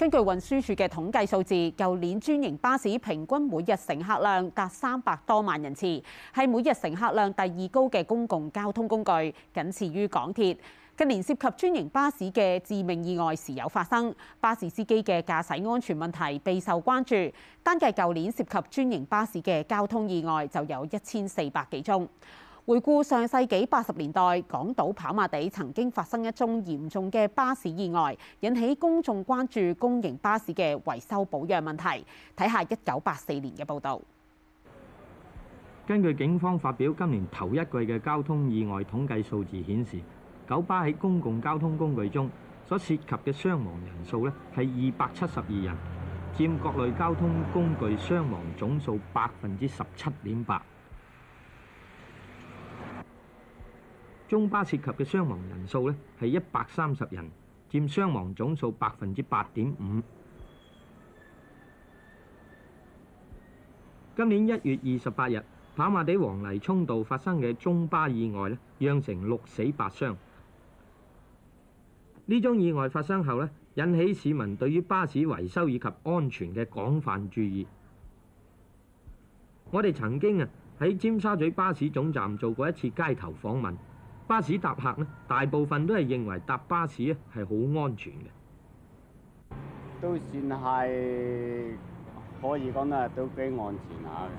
根據運輸署嘅統計數字，舊年專營巴士平均每日乘客量達三百多萬人次，係每日乘客量第二高嘅公共交通工具，僅次於港鐵。近年涉及專營巴士嘅致命意外時有發生，巴士司機嘅駕駛安全問題備受關注。單計舊年涉及專營巴士嘅交通意外就有一千四百幾宗。回顧上世紀八十年代，港島跑馬地曾經發生一宗嚴重嘅巴士意外，引起公眾關注公營巴士嘅維修保養問題。睇下一九八四年嘅報導。根據警方發表今年頭一季嘅交通意外統計數字顯示，九巴喺公共交通工具中所涉及嘅傷亡人數咧係二百七十二人，佔各類交通工具傷亡總數百分之十七點八。中巴涉及嘅傷亡人數咧係一百三十人，佔傷亡總數百分之八點五。今年一月二十八日，跑馬地黃泥涌道發生嘅中巴意外咧，釀成六死八傷。呢宗意外發生後咧，引起市民對於巴士維修以及安全嘅廣泛注意。我哋曾經啊喺尖沙咀巴士總站做過一次街頭訪問。巴士搭客咧，大部分都係認為搭巴士啊係好安全嘅，都算係可以講得，都幾安全下嘅。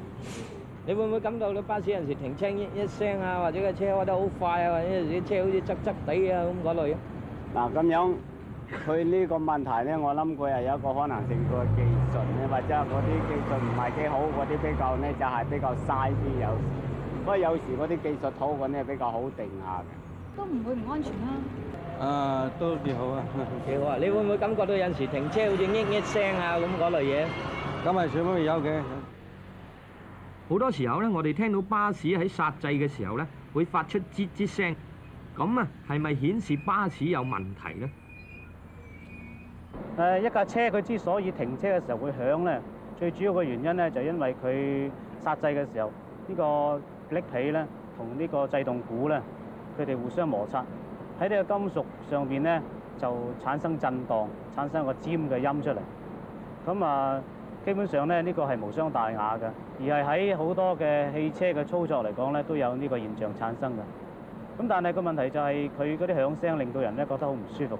你會唔會感到啲巴士有時停車一聲啊，或者個車開得好快啊，或者啲車好似側側地啊咁嗰類？嗱，咁樣，佢呢個問題咧，我諗佢係有一個可能性，佢嘅技術咧，或者係嗰啲技術唔係幾好，嗰啲比較咧就係比較嘥啲油。不過有時嗰啲技術討論咧，比較好定下嘅。都唔會唔安全啦。啊，都幾好啊，幾好啊！你會唔會感覺到有時停車好似啞啞聲啊咁嗰類嘢？咁啊，少少有嘅。好多時候咧，我哋聽到巴士喺煞掣嘅時候咧，會發出吱吱聲。咁啊，係咪顯示巴士有問題咧？誒，一架車佢之所以停車嘅時候會響咧，最主要嘅原因咧，就因為佢煞掣嘅時候呢個。力皮咧同呢個制動鼓咧，佢哋互相摩擦喺呢個金屬上邊咧，就產生震盪，產生一個尖嘅音出嚟。咁啊，基本上咧呢個係無傷大雅嘅，而係喺好多嘅汽車嘅操作嚟講咧，都有呢個現象產生嘅。咁但係個問題就係佢嗰啲響聲令到人咧覺得好唔舒服，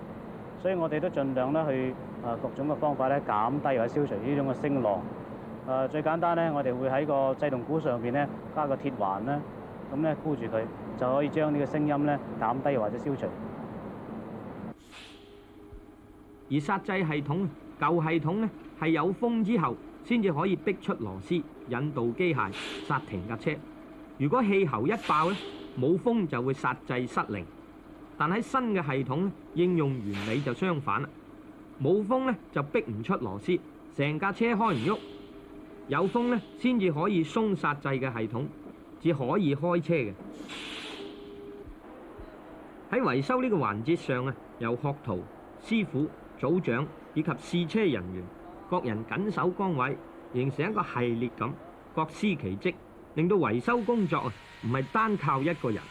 所以我哋都盡量咧去啊各種嘅方法咧減低或者消除呢種嘅聲浪。誒最簡單呢，我哋會喺個制動鼓上邊呢加個鐵環啦，咁呢箍住佢，就可以將呢個聲音呢減低或者消除。而煞制系統舊系統呢係有風之後先至可以逼出螺絲，引導機械煞停架車。如果氣喉一爆呢，冇風就會煞制失靈。但喺新嘅系統咧，應用原理就相反啦。冇風呢就逼唔出螺絲，成架車開唔喐。有風咧，先至可以鬆煞掣嘅系統，至可以開車嘅。喺維修呢個環節上啊，由學徒、師傅、組長以及試車人員，各人緊守崗位，形成一個系列咁，各司其職，令到維修工作啊，唔係單靠一個人。